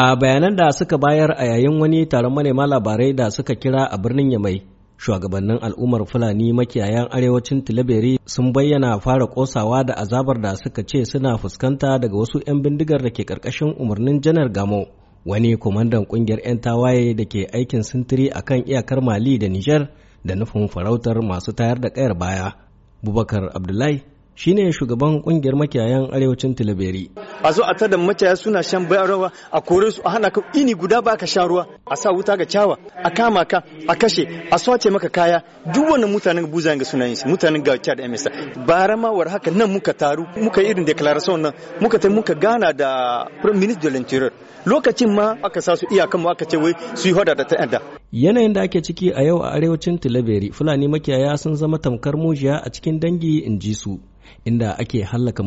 A bayanan da suka bayar a yayin wani taron manema labarai da suka kira a birnin Yamai, shugabannin al'ummar Fulani makiyayan arewacin Tilaberi sun bayyana fara kosawa da azabar da suka ce suna fuskanta daga wasu 'yan bindigar da ke ƙarƙashin umarnin Janar Gamo, wani kwamandan ƙungiyar 'yan tawaye da ke aikin sintiri a kan iyakar Mali da Nijar da nufin farautar masu tayar da ƙayar baya. Bubakar Abdullahi shine shugaban kungiyar makiyayan arewacin tilaberi a zo a tada makiyaya suna shan bayarwa a kore su a hana ka ini guda baka sha ruwa a sa wuta ga cawa a kama ka a kashe a swace maka kaya duk wannan mutanen buzan ga suna su mutanen ga da MSA bara ma war haka nan muka taru muka irin declaration nan muka tai muka gana da prime minister de l'interieur lokacin ma aka sa su iyakan mu aka ce wai su yi hoda da ta ta'adda yanayin da ake ciki a yau a arewacin Tilaberi Fulani makiyaya sun zama tamkar mujiya a cikin dangi in ji su inda ake hallaka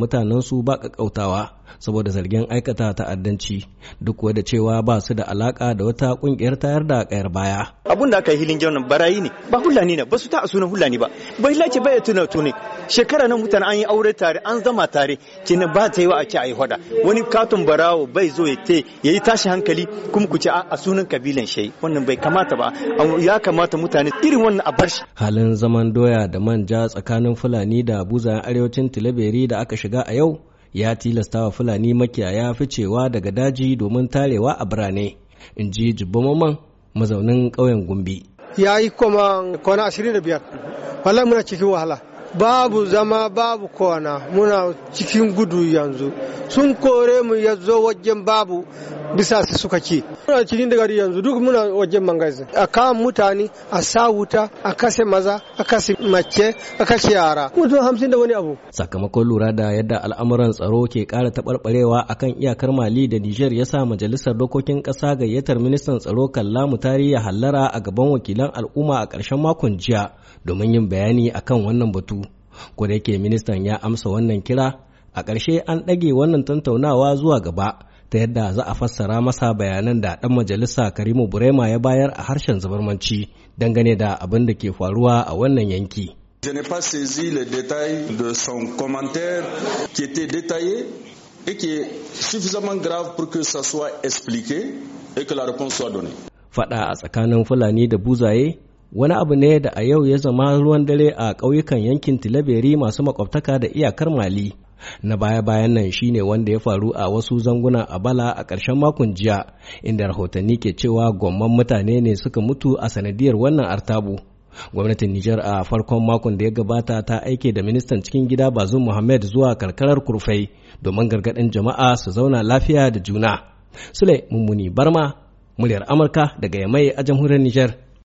su ba ƙaƙƙautawa saboda zargin aikata ta'addanci duk da cewa ba su da alaka da wata kungiyar tayar da kayar baya abun da aka yi hilin jaunan barayi ne ba hulani ne ba su ta a sunan hulani ba bai lace ba ya tuna tuni shekara nan mutane an yi aure tare an zama tare kina ba ta yi wa a ce a yi hada wani katon barawo bai zo ya te yayi yi tashi hankali kuma ku ce a sunan kabilan shai wannan bai kamata ba ya kamata mutane irin wannan a bar shi halin zaman doya da manja tsakanin fulani da buzayen arewacin tilaberi da aka shiga a yau ya tilasta wa Fulani makiyaya ficewa daga daji domin tarewa a birane, in ji Jibbomaman mazaunin ƙauyen Gumbi. Ya yi kuma kwana ashirin da biyar, wallahi muna cikin wahala. Babu zama babu kwana muna cikin gudu yanzu, sun kore mu ya zo wajen babu bisa su suka ke. muna cikin da yanzu duk muna wajen mangazi a kawo mutane a sa wuta a kashe maza a kashe mace a kashe yara mutum hamsin da wani abu sakamakon lura da yadda al'amuran tsaro ke ƙara taɓarɓarewa akan iyakar mali da nijar ya sa majalisar dokokin ƙasa gayyatar ministan tsaro kalla mutari ya hallara a gaban wakilan al'umma a ƙarshen makon jiya domin yin bayani a kan wannan batu ko yake ministan ya amsa wannan kira a ƙarshe an ɗage wannan tantaunawa zuwa gaba ta yadda za a fassara masa bayanan da ɗan majalisa Karimu Burema ya bayar a harshen zubarmanci dangane da abin da ke faruwa a wannan yanki. Je n'ai pas saisi de son commentaire Fada a tsakanin Fulani da Buzaye wani abu ne da a yau ya zama ruwan dare a ƙauyukan yankin Tilaberi masu makwabtaka da iyakar Mali na baya-bayan nan shine wanda ya faru a wasu zanguna a bala a ƙarshen makon jiya inda rahotanni ke cewa gomman mutane ne suka mutu a sanadiyar wannan artabu gwamnatin nijar a farkon makon da ya gabata ta aike da ministan cikin gida bazum muhammad zuwa karkarar kurfai domin gargaɗin jama'a su zauna lafiya da juna sule mummuni barma muryar amurka daga yamai a jamhuriyar nijar